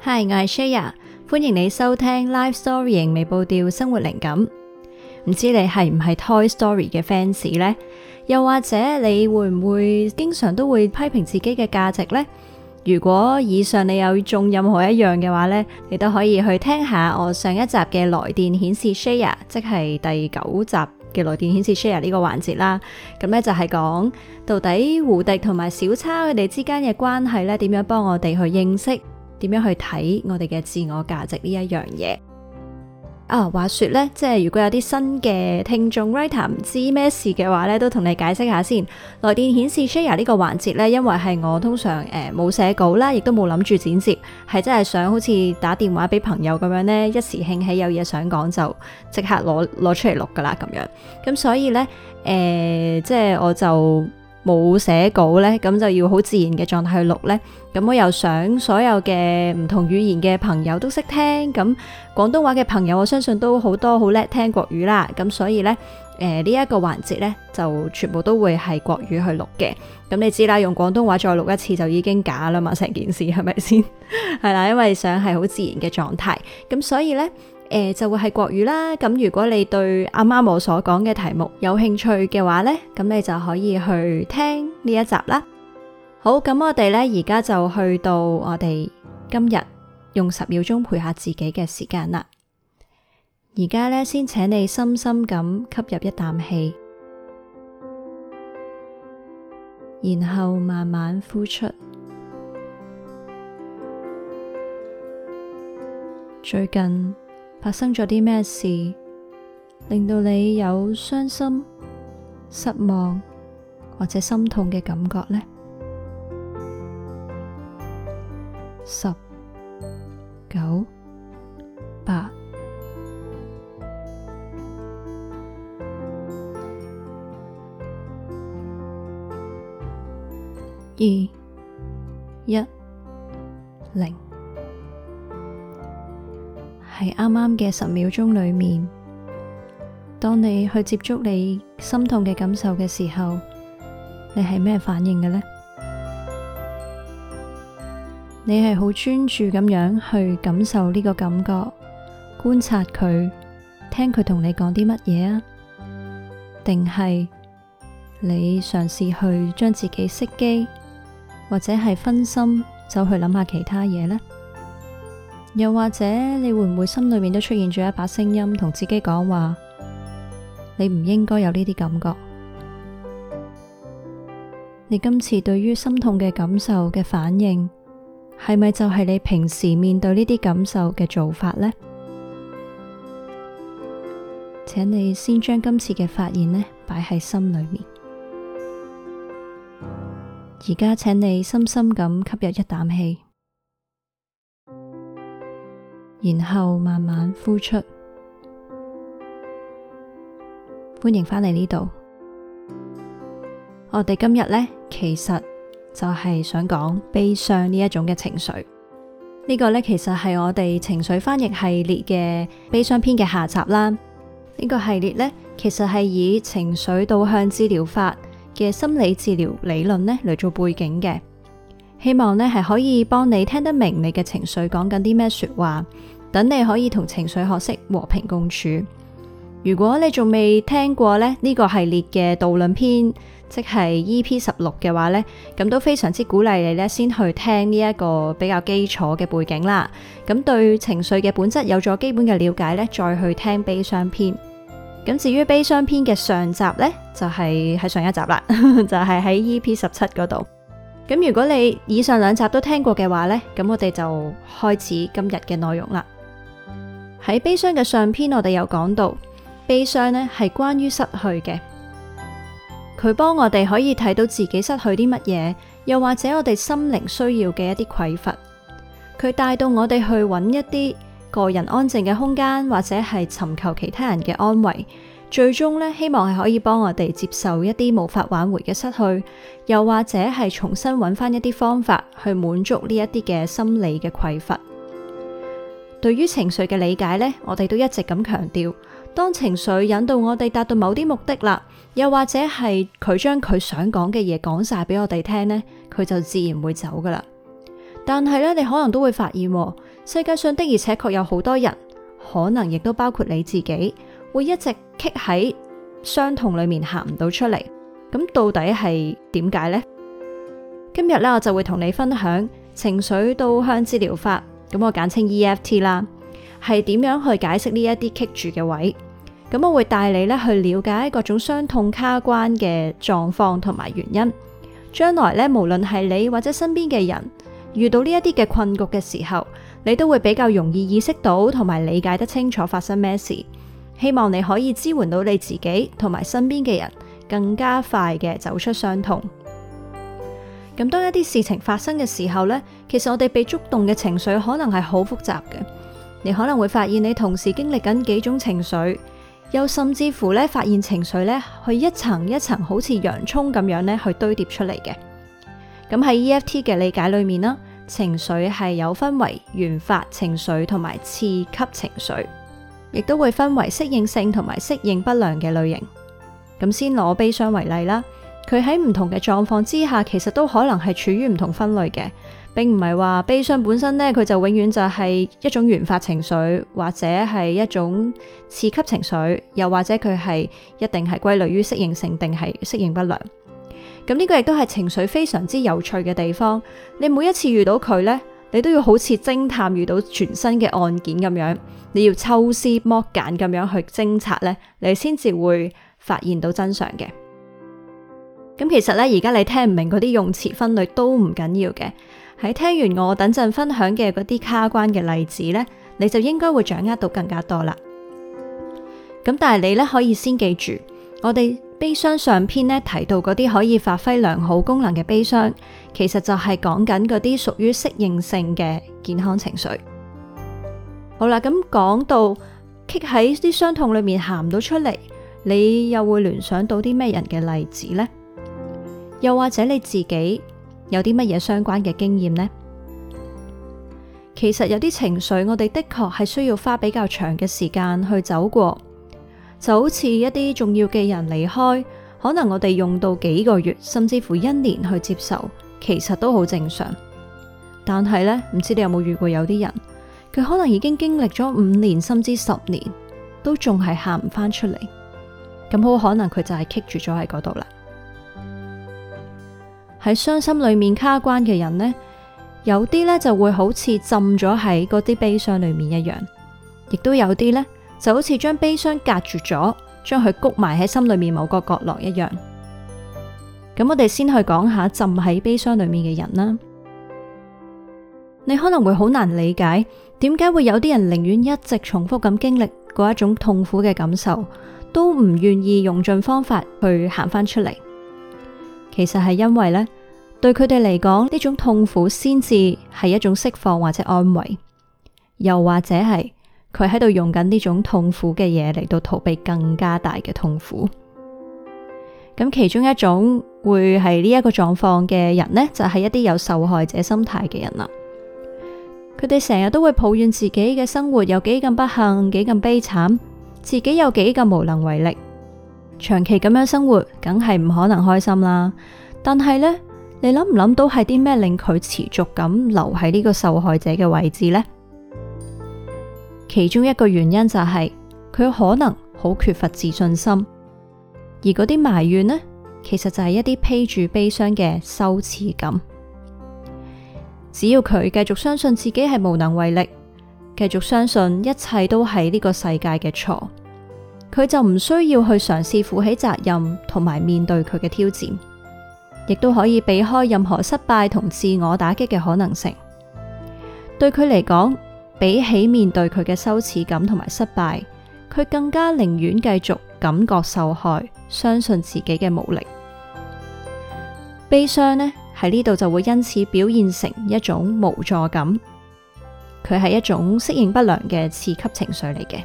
Hi，我係 Shaya，歡迎你收聽 Life Storying 微步調生活靈感。唔知你係唔係 Toy Story 嘅 fans 呢？又或者你會唔會經常都會批評自己嘅價值呢？如果以上你有中任何一樣嘅話呢，你都可以去聽下我上一集嘅來電顯示 Shaya，即係第九集嘅來電顯示 Shaya 呢、這個環節啦。咁、嗯、呢就係、是、講到底胡迪同埋小叉佢哋之間嘅關係呢，點樣幫我哋去認識？點樣去睇我哋嘅自我價值呢一樣嘢啊？話說呢，即係如果有啲新嘅聽眾 writer 唔知咩事嘅話呢，都同你解釋下先。來電顯示 share 呢個環節呢，因為係我通常誒冇、呃、寫稿啦，亦都冇諗住剪接，係真係想好似打電話俾朋友咁樣呢，一時興起有嘢想講就即刻攞攞出嚟錄噶啦咁樣。咁所以呢，誒、呃、即係我就。冇寫稿呢，咁就要好自然嘅狀態去錄呢。咁我又想所有嘅唔同語言嘅朋友都識聽，咁廣東話嘅朋友我相信都好多好叻聽國語啦。咁所以呢，誒呢一個環節呢，就全部都會係國語去錄嘅。咁你知啦，用廣東話再錄一次就已經假啦嘛，成件事係咪先？係 啦，因為想係好自然嘅狀態。咁所以呢。誒、呃，就會係國語啦。咁如果你對啱啱我所講嘅題目有興趣嘅話呢，咁你就可以去聽呢一集啦。好，咁我哋呢，而家就去到我哋今日用十秒鐘陪下自己嘅時間啦。而家呢，先請你深深咁吸入一啖氣，然後慢慢呼出。最近，發生咗啲咩事，令到你有傷心、失望或者心痛嘅感覺呢？十九八二一零。係啱啱嘅十秒鐘裏面，當你去接觸你心痛嘅感受嘅時候，你係咩反應嘅呢？你係好專注咁樣去感受呢個感覺，觀察佢，聽佢同你講啲乜嘢啊？定係你嘗試去將自己熄機，或者係分心走去諗下其他嘢呢？又或者你會唔會心裏面都出現咗一把聲音同自己講話：你唔應該有呢啲感覺。你今次對於心痛嘅感受嘅反應，係咪就係你平時面對呢啲感受嘅做法呢？請你先將今次嘅發現呢，擺喺心裏面。而家請你深深咁吸入一啖氣。然後慢慢呼出，歡迎返嚟呢度。我哋今日咧，其實就係想講悲傷呢一種嘅情緒。這個、呢個咧，其實係我哋情緒翻譯系列嘅悲傷篇嘅下集啦。呢、這個系列咧，其實係以情緒導向治療法嘅心理治療理論咧嚟做背景嘅。希望咧係可以幫你聽得明你嘅情緒講緊啲咩說話，等你可以同情緒學識和平共處。如果你仲未聽過咧呢個系列嘅導論篇，即係 EP 十六嘅話咧，咁都非常之鼓勵你咧先去聽呢一個比較基礎嘅背景啦。咁對情緒嘅本質有咗基本嘅了解咧，再去聽悲傷篇。咁至於悲傷篇嘅上集咧，就係、是、喺上一集啦， 就係喺 EP 十七嗰度。咁如果你以上兩集都聽過嘅話呢，咁我哋就開始今日嘅內容啦。喺悲傷嘅上篇，我哋有講到悲傷呢係關於失去嘅，佢幫我哋可以睇到自己失去啲乜嘢，又或者我哋心靈需要嘅一啲匱乏，佢帶到我哋去揾一啲個人安靜嘅空間，或者係尋求其他人嘅安慰。最終咧，希望係可以幫我哋接受一啲無法挽回嘅失去，又或者係重新搵翻一啲方法去滿足呢一啲嘅心理嘅匱乏。對於情緒嘅理解呢，我哋都一直咁強調，當情緒引導我哋達到某啲目的啦，又或者係佢將佢想講嘅嘢講晒俾我哋聽呢，佢就自然會走噶啦。但係呢，你可能都會發現，世界上的而且確有好多人，可能亦都包括你自己。會一直棘喺傷痛裏面行唔到出嚟，咁到底係點解呢？今日咧，我就會同你分享情緒導向治療法，咁我簡稱 EFT 啦，係點樣去解釋呢一啲棘住嘅位。咁我會帶你咧去了解各種傷痛卡關嘅狀況同埋原因。將來咧，無論係你或者身邊嘅人遇到呢一啲嘅困局嘅時候，你都會比較容易意識到同埋理解得清楚發生咩事。希望你可以支援到你自己同埋身邊嘅人，更加快嘅走出傷痛。咁當一啲事情發生嘅時候呢，其實我哋被觸動嘅情緒可能係好複雜嘅。你可能會發現你同時經歷緊幾種情緒，又甚至乎咧，發現情緒咧去一層一層好似洋葱咁樣咧去堆疊出嚟嘅。咁喺 EFT 嘅理解裏面啦，情緒係有分為原發情緒同埋次級情緒。亦都會分為適應性同埋適應不良嘅類型。咁先攞悲傷為例啦，佢喺唔同嘅狀況之下，其實都可能係處於唔同分類嘅，並唔係話悲傷本身咧，佢就永遠就係一種原發情緒，或者係一種次級情緒，又或者佢係一定係歸類於適應性定係適應不良。咁、這、呢個亦都係情緒非常之有趣嘅地方。你每一次遇到佢咧。你都要好似偵探遇到全新嘅案件咁樣，你要抽絲剝繭咁樣去偵察呢，你先至會發現到真相嘅。咁其實呢，而家你聽唔明嗰啲用詞分類都唔緊要嘅，喺聽完我等陣分享嘅嗰啲卡關嘅例子呢，你就應該會掌握到更加多啦。咁但係你呢，可以先記住，我哋悲傷上篇呢，提到嗰啲可以發揮良好功能嘅悲傷。其實就係講緊嗰啲屬於適應性嘅健康情緒。好啦，咁講到 kick 喺啲傷痛裏面行唔到出嚟，你又會聯想到啲咩人嘅例子呢？又或者你自己有啲乜嘢相關嘅經驗呢？其實有啲情緒，我哋的確係需要花比較長嘅時間去走過，就好似一啲重要嘅人離開，可能我哋用到幾個月，甚至乎一年去接受。其實都好正常，但係咧，唔知你有冇遇過有啲人，佢可能已經經歷咗五年甚至十年，都仲係喊唔翻出嚟，咁好可能佢就係棘住咗喺嗰度啦。喺傷心裏面卡關嘅人呢，有啲咧就會好似浸咗喺嗰啲悲傷裏面一樣，亦都有啲咧就好似將悲傷隔住咗，將佢谷埋喺心裏面某個角落一樣。咁我哋先去講下浸喺悲傷裏面嘅人啦。你可能會好難理解，點解會有啲人寧願一直重複咁經歷嗰一種痛苦嘅感受，都唔願意用盡方法去行翻出嚟。其實係因為呢，對佢哋嚟講，呢種痛苦先至係一種釋放或者安慰，又或者係佢喺度用緊呢種痛苦嘅嘢嚟到逃避更加大嘅痛苦。咁其中一種。會係呢一個狀況嘅人呢，就係一啲有受害者心態嘅人啦。佢哋成日都會抱怨自己嘅生活有幾咁不幸，幾咁悲慘，自己有幾咁無能為力。長期咁樣生活，梗係唔可能開心啦。但係呢，你諗唔諗到係啲咩令佢持續咁留喺呢個受害者嘅位置呢？其中一個原因就係佢可能好缺乏自信心，而嗰啲埋怨呢。其實就係一啲披住悲傷嘅羞恥感。只要佢繼續相信自己係無能為力，繼續相信一切都係呢個世界嘅錯，佢就唔需要去嘗試負起責任，同埋面對佢嘅挑戰，亦都可以避開任何失敗同自我打擊嘅可能性。對佢嚟講，比起面對佢嘅羞恥感同埋失敗，佢更加寧願繼續感覺受害，相信自己嘅無力。悲傷呢，喺呢度就會因此表現成一種無助感，佢係一種適應不良嘅次級情緒嚟嘅。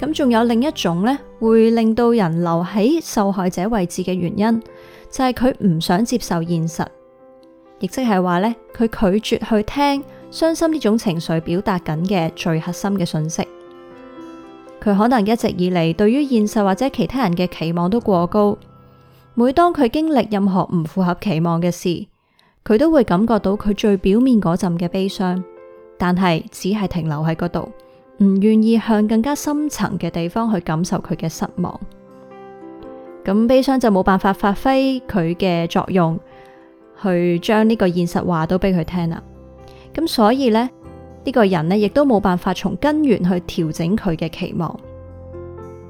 咁仲有另一種呢，會令到人留喺受害者位置嘅原因，就係佢唔想接受現實，亦即係話咧，佢拒絕去聽傷心呢種情緒表達緊嘅最核心嘅信息。佢可能一直以嚟對於現實或者其他人嘅期望都過高。每當佢經歷任何唔符合期望嘅事，佢都會感覺到佢最表面嗰陣嘅悲傷，但係只係停留喺嗰度，唔願意向更加深層嘅地方去感受佢嘅失望。咁悲傷就冇辦法發揮佢嘅作用，去將呢個現實話到俾佢聽啦。咁所以呢，呢個人呢亦都冇辦法從根源去調整佢嘅期望。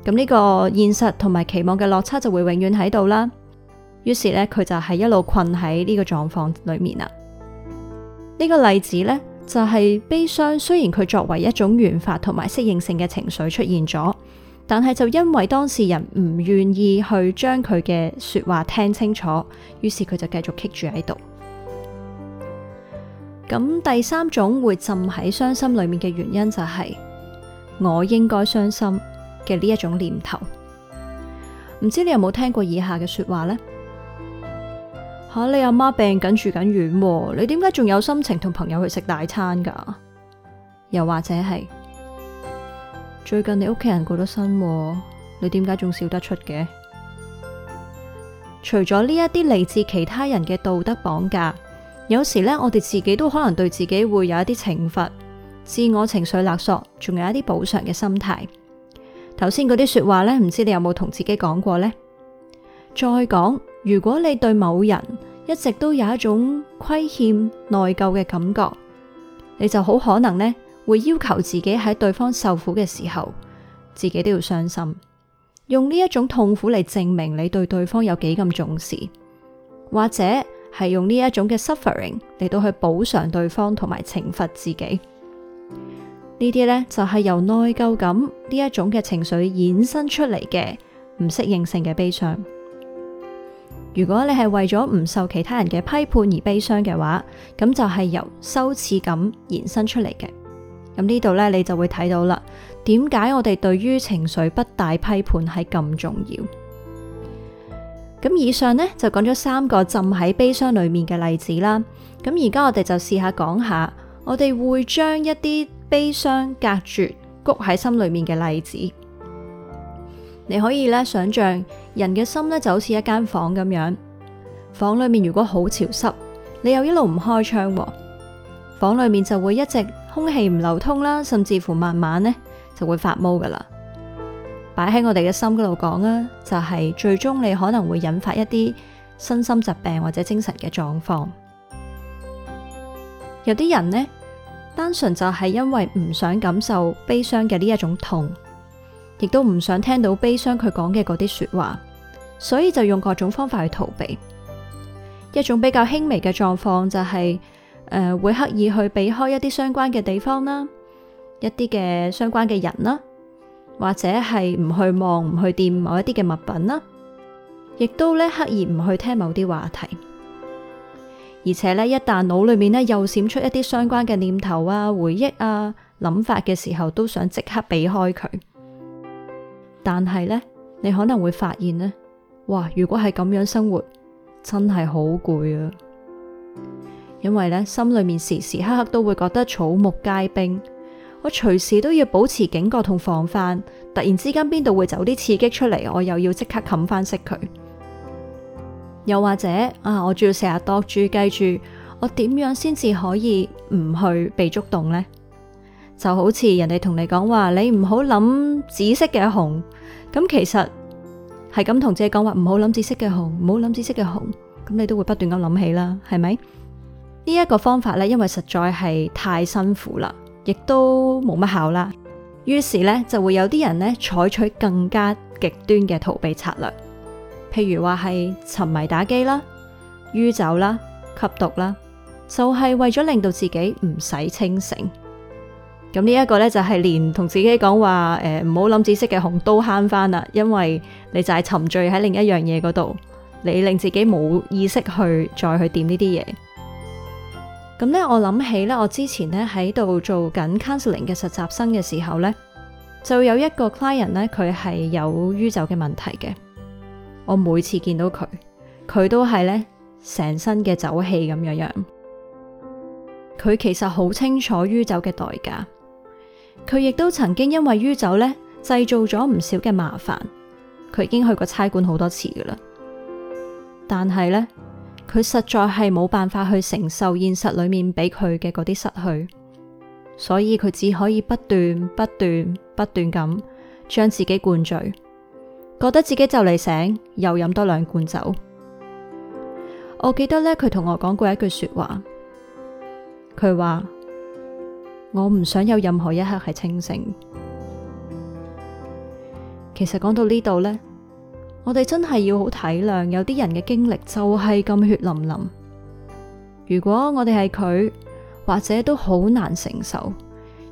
咁呢個現實同埋期望嘅落差就會永遠喺度啦。於是咧，佢就係一路困喺呢個狀況裏面啦。呢、這個例子呢，就係、是、悲傷，雖然佢作為一種原發同埋適應性嘅情緒出現咗，但係就因為當事人唔願意去將佢嘅說話聽清楚，於是佢就繼續棘住喺度。咁第三種會浸喺傷心裏面嘅原因就係、是、我應該傷心嘅呢一種念頭。唔知你有冇聽過以下嘅說話呢？啊、你阿媽病緊住緊院，你點解仲有心情同朋友去食大餐噶？又或者係最近你屋企人過咗身，你點解仲笑得出嘅？除咗呢一啲嚟自其他人嘅道德綁架，有時呢，我哋自己都可能對自己會有一啲懲罰、自我情緒勒索，仲有一啲補償嘅心態。頭先嗰啲說話呢，唔知你有冇同自己講過呢？再講，如果你對某人一直都有一種虧欠、內疚嘅感覺，你就好可能呢會要求自己喺對方受苦嘅時候，自己都要傷心，用呢一種痛苦嚟證明你對對方有幾咁重視，或者係用呢一種嘅 suffering 嚟到去補償對方同埋懲罰自己。呢啲呢，就係由內疚感呢一種嘅情緒衍生出嚟嘅唔適應性嘅悲傷。如果你係為咗唔受其他人嘅批判而悲傷嘅話，咁就係由羞恥感延伸出嚟嘅。咁呢度咧，你就會睇到啦。點解我哋對於情緒不大批判係咁重要？咁以上呢，就講咗三個浸喺悲傷裏面嘅例子啦。咁而家我哋就試下講下，我哋會將一啲悲傷隔絕，谷喺心裏面嘅例子。你可以咧想象，人嘅心咧就好似一間房咁樣。房裏面如果好潮濕，你又一路唔開窗，房裏面就會一直空氣唔流通啦，甚至乎慢慢呢就會發毛噶啦。擺喺我哋嘅心嗰度講啊，就係最終你可能會引發一啲身心疾病或者精神嘅狀況。有啲人呢，單純就係因為唔想感受悲傷嘅呢一種痛。亦都唔想聽到悲傷，佢講嘅嗰啲說話，所以就用各種方法去逃避。一種比較輕微嘅狀況就係、是、誒、呃、會刻意去避開一啲相關嘅地方啦，一啲嘅相關嘅人啦，或者係唔去望唔去掂某一啲嘅物品啦，亦都咧刻意唔去聽某啲話題。而且咧，一旦腦裏面咧又閃出一啲相關嘅念頭啊、回憶啊、諗法嘅時候，都想即刻避開佢。但係呢，你可能會發現呢：「哇！如果係咁樣生活，真係好攰啊！因為呢，心裏面時時刻刻都會覺得草木皆兵，我隨時都要保持警覺同防範。突然之間邊度會走啲刺激出嚟，我又要即刻冚翻熄佢。又或者啊，我仲要成日度住，記住我點樣先至可以唔去被觸動呢？就好似人哋同你講話，你唔好諗紫色嘅紅咁，其實係咁同自己講話，唔好諗紫色嘅紅，唔好諗紫色嘅紅，咁你都會不斷咁諗起啦，係咪？呢一個方法咧，因為實在係太辛苦啦，亦都冇乜效啦。於是咧就會有啲人咧採取更加極端嘅逃避策略，譬如話係沉迷打機啦、酗酒啦、吸毒啦，就係為咗令到自己唔使清醒。咁呢一個咧就係連同自己講話，誒，唔好諗紫色嘅紅都慳翻啦，因為你就係沉醉喺另一樣嘢嗰度，你令自己冇意識去再去掂呢啲嘢。咁咧，我諗起咧，我之前咧喺度做緊 counseling 嘅實習生嘅時候咧，就有一個 client 咧，佢係有酗酒嘅問題嘅。我每次見到佢，佢都係咧成身嘅酒氣咁樣樣。佢其實好清楚酗酒嘅代價。佢亦都曾經因為酗酒咧製造咗唔少嘅麻煩，佢已經去過差館好多次噶啦。但係咧，佢實在係冇辦法去承受現實裏面俾佢嘅嗰啲失去，所以佢只可以不斷不斷不斷咁將自己灌醉，覺得自己就嚟醒又飲多兩罐酒。我記得咧，佢同我講過一句說話，佢話。我唔想有任何一刻係清醒。其實講到呢度呢，我哋真係要好體諒，有啲人嘅經歷就係咁血淋淋。如果我哋係佢，或者都好難承受，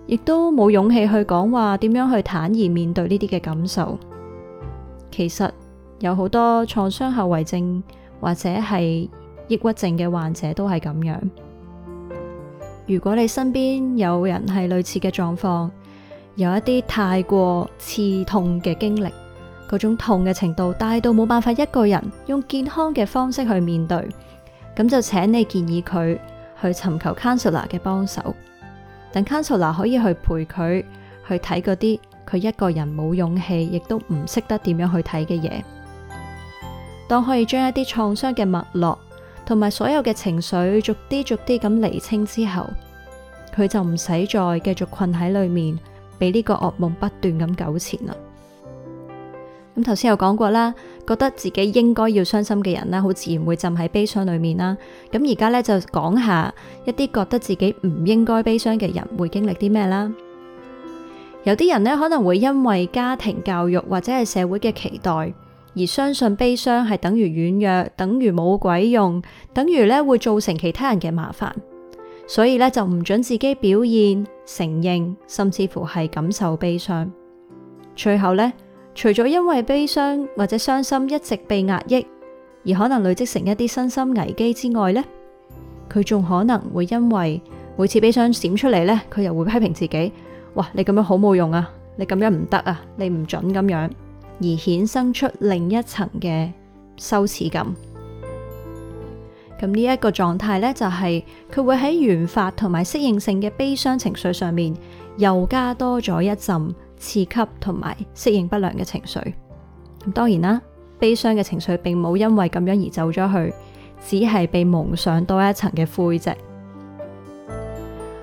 亦都冇勇氣去講話點樣去坦然面對呢啲嘅感受。其實有好多創傷後遺症或者係抑鬱症嘅患者都係咁樣。如果你身邊有人係類似嘅狀況，有一啲太過刺痛嘅經歷，嗰種痛嘅程度大到冇辦法一個人用健康嘅方式去面對，咁就請你建議佢去尋求 counselor 嘅幫手，等 counselor 可以去陪佢去睇嗰啲佢一個人冇勇氣亦都唔識得點樣去睇嘅嘢，當可以將一啲創傷嘅脈絡，同埋所有嘅情緒逐啲逐啲咁厘清之後，佢就唔使再繼續困喺裏面，俾呢個噩夢不斷咁糾纏啦。咁頭先有講過啦，覺得自己應該要傷心嘅人啦，好自然會浸喺悲傷裏面啦。咁而家呢，就講下一啲覺得自己唔應該悲傷嘅人會經歷啲咩啦。有啲人呢，可能會因為家庭教育或者係社會嘅期待。而相信悲傷係等於軟弱，等於冇鬼用，等於咧，會造成其他人嘅麻煩，所以咧就唔准自己表現、承認，甚至乎係感受悲傷。最後咧，除咗因為悲傷或者傷心一直被壓抑，而可能累積成一啲身心危機之外咧，佢仲可能會因為每次悲傷閃出嚟咧，佢又會批評自己：哇，你咁樣好冇用啊，你咁樣唔得啊，你唔准咁樣。而衍生出另一層嘅羞恥感，咁呢一個狀態咧，就係佢會喺原發同埋適應性嘅悲傷情緒上面，又加多咗一陣刺激同埋適應不良嘅情緒。咁當然啦，悲傷嘅情緒並冇因為咁樣而走咗去，只係被蒙上多一層嘅灰啫。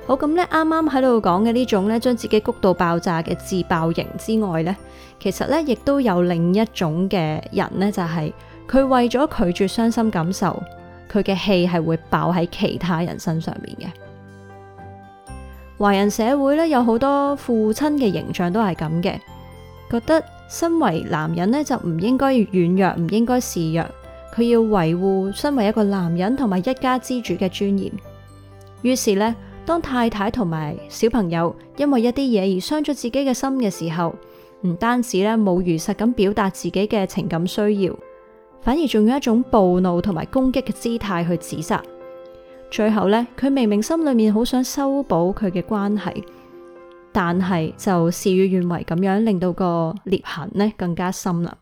好咁咧，啱啱喺度講嘅呢種咧，將自己谷到爆炸嘅自爆型之外咧，其實咧亦都有另一種嘅人咧，就係佢為咗拒絕傷心感受，佢嘅氣係會爆喺其他人身上面嘅。華人社會咧，有好多父親嘅形象都係咁嘅，覺得身為男人咧就唔應該軟弱，唔應該示弱，佢要維護身為一個男人同埋一家之主嘅尊嚴。於是咧。當太太同埋小朋友因為一啲嘢而傷咗自己嘅心嘅時候，唔單止咧冇如實咁表達自己嘅情感需要，反而仲用一種暴怒同埋攻擊嘅姿態去指責。最後呢，佢明明心裏面好想修補佢嘅關係，但係就事與願違咁樣，令到個裂痕咧更加深啦。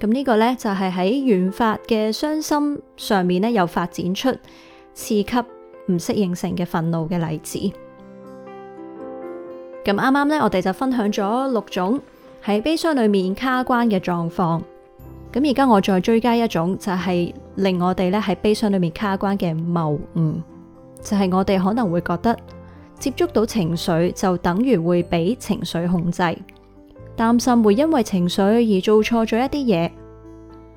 咁呢個呢，就係喺原發嘅傷心上面呢，又發展出次級。唔適應性嘅憤怒嘅例子。咁啱啱呢，我哋就分享咗六種喺悲傷裏面卡關嘅狀況。咁而家我再追加一種，就係令我哋咧喺悲傷裏面卡關嘅謬誤，就係、是、我哋可能會覺得接觸到情緒就等於會俾情緒控制，擔心會因為情緒而做錯咗一啲嘢。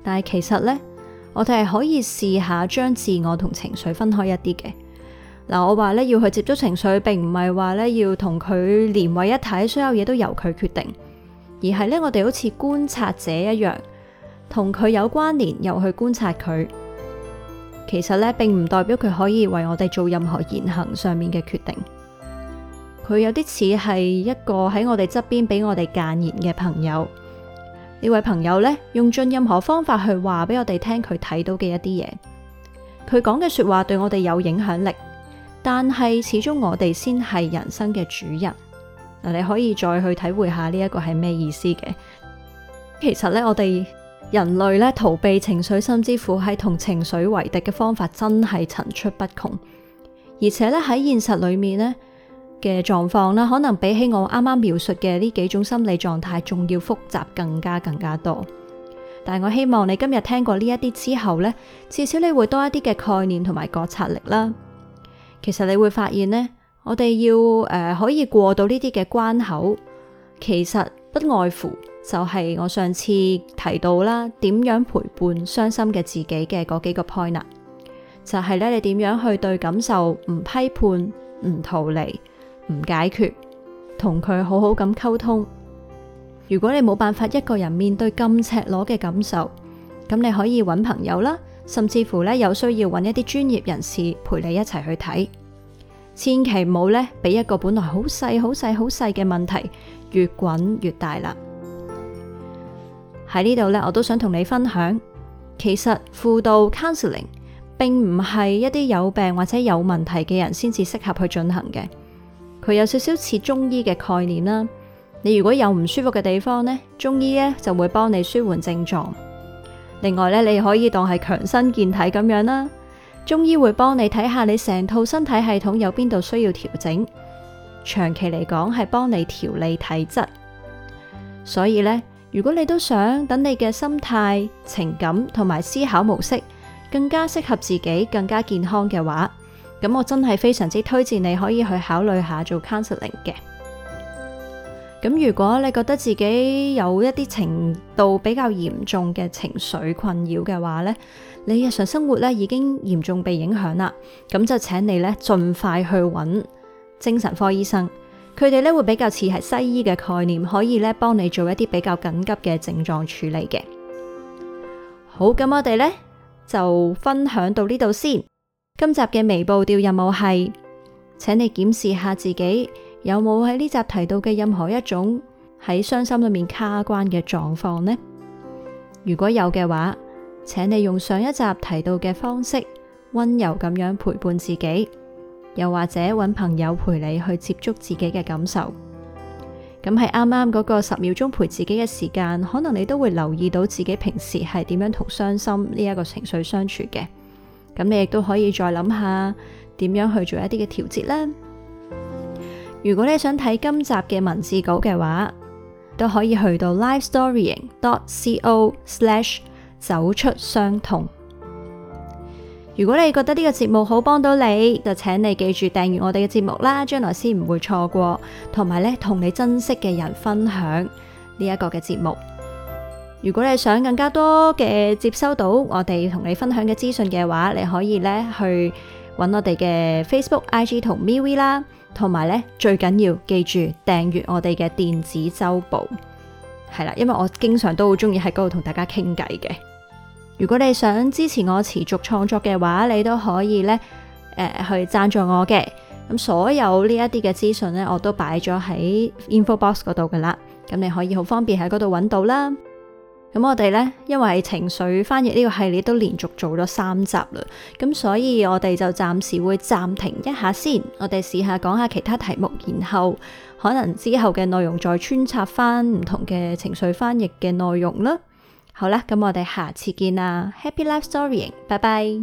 但係其實呢，我哋係可以試下將自我同情緒分開一啲嘅。嗱，我話咧要去接觸情緒，並唔係話咧要同佢連為一體，所有嘢都由佢決定，而係咧我哋好似觀察者一樣，同佢有關聯又去觀察佢。其實咧，並唔代表佢可以為我哋做任何言行上面嘅決定。佢有啲似係一個喺我哋側邊俾我哋諫言嘅朋友。呢位朋友咧，用盡任何方法去話俾我哋聽佢睇到嘅一啲嘢，佢講嘅說話對我哋有影響力。但係始終，我哋先係人生嘅主人嗱。你可以再去體會下呢一個係咩意思嘅。其實咧，我哋人類咧逃避情緒，甚至乎係同情緒為敵嘅方法，真係層出不窮。而且咧喺現實裏面呢嘅狀況啦，可能比起我啱啱描述嘅呢幾種心理狀態，仲要複雜，更加更加多。但我希望你今日聽過呢一啲之後咧，至少你會多一啲嘅概念同埋覺察力啦。其實你會發現咧，我哋要誒、呃、可以過到呢啲嘅關口，其實不外乎就係、是、我上次提到啦，點樣陪伴傷心嘅自己嘅嗰幾個 point 啊，就係、是、咧你點樣去對感受唔批判、唔逃離、唔解決，同佢好好咁溝通。如果你冇辦法一個人面對咁赤裸嘅感受，咁你可以揾朋友啦。甚至乎咧，有需要揾一啲專業人士陪你一齊去睇，千祈唔好咧，俾一個本來好細、好細、好細嘅問題越滾越大啦。喺呢度咧，我都想同你分享，其實輔導 counseling 並唔係一啲有病或者有問題嘅人先至適合去進行嘅。佢有少少似中醫嘅概念啦。你如果有唔舒服嘅地方呢，中醫咧就會幫你舒緩症狀。另外咧，你可以當係強身健體咁樣啦。中醫會幫你睇下你成套身體系統有邊度需要調整，長期嚟講係幫你調理體質。所以呢，如果你都想等你嘅心態、情感同埋思考模式更加適合自己、更加健康嘅話，咁我真係非常之推薦你可以去考慮下做 counseling 嘅。咁如果你覺得自己有一啲程度比較嚴重嘅情緒困擾嘅話呢，你日常生活咧已經嚴重被影響啦，咁就請你咧盡快去揾精神科醫生，佢哋咧會比較似係西醫嘅概念，可以咧幫你做一啲比較緊急嘅症狀處理嘅。好，咁我哋呢就分享到呢度先。今集嘅微步調任務係請你檢視下自己。有冇喺呢集提到嘅任何一種喺傷心裏面卡關嘅狀況呢？如果有嘅話，請你用上一集提到嘅方式，溫柔咁樣陪伴自己，又或者搵朋友陪你去接觸自己嘅感受。咁喺啱啱嗰個十秒鐘陪自己嘅時間，可能你都會留意到自己平時係點樣同傷心呢一個情緒相處嘅。咁你亦都可以再諗下點樣去做一啲嘅調節呢？如果你想睇今集嘅文字稿嘅話，都可以去到 lifestorying.co/slash 走出傷痛。如果你覺得呢個節目好幫到你，就請你記住訂閱我哋嘅節目啦，將來先唔會錯過。同埋咧，同你珍惜嘅人分享呢一個嘅節目。如果你想更加多嘅接收到我哋同你分享嘅資訊嘅話，你可以咧去搵我哋嘅 Facebook、IG 同 MeWe 啦。同埋咧，最緊要記住訂閱我哋嘅電子週報，係啦，因為我經常都好中意喺嗰度同大家傾偈嘅。如果你想支持我持續創作嘅話，你都可以咧誒、呃、去贊助我嘅。咁所有呢一啲嘅資訊咧，我都擺咗喺 info box 嗰度噶啦，咁你可以好方便喺嗰度揾到啦。咁我哋呢，因為情緒翻譯呢個系列都連續做咗三集啦，咁所以我哋就暫時會暫停一下先，我哋試下講下其他題目，然後可能之後嘅內容再穿插翻唔同嘅情緒翻譯嘅內容啦。好啦，咁我哋下次見啦，Happy Life Storying，拜拜。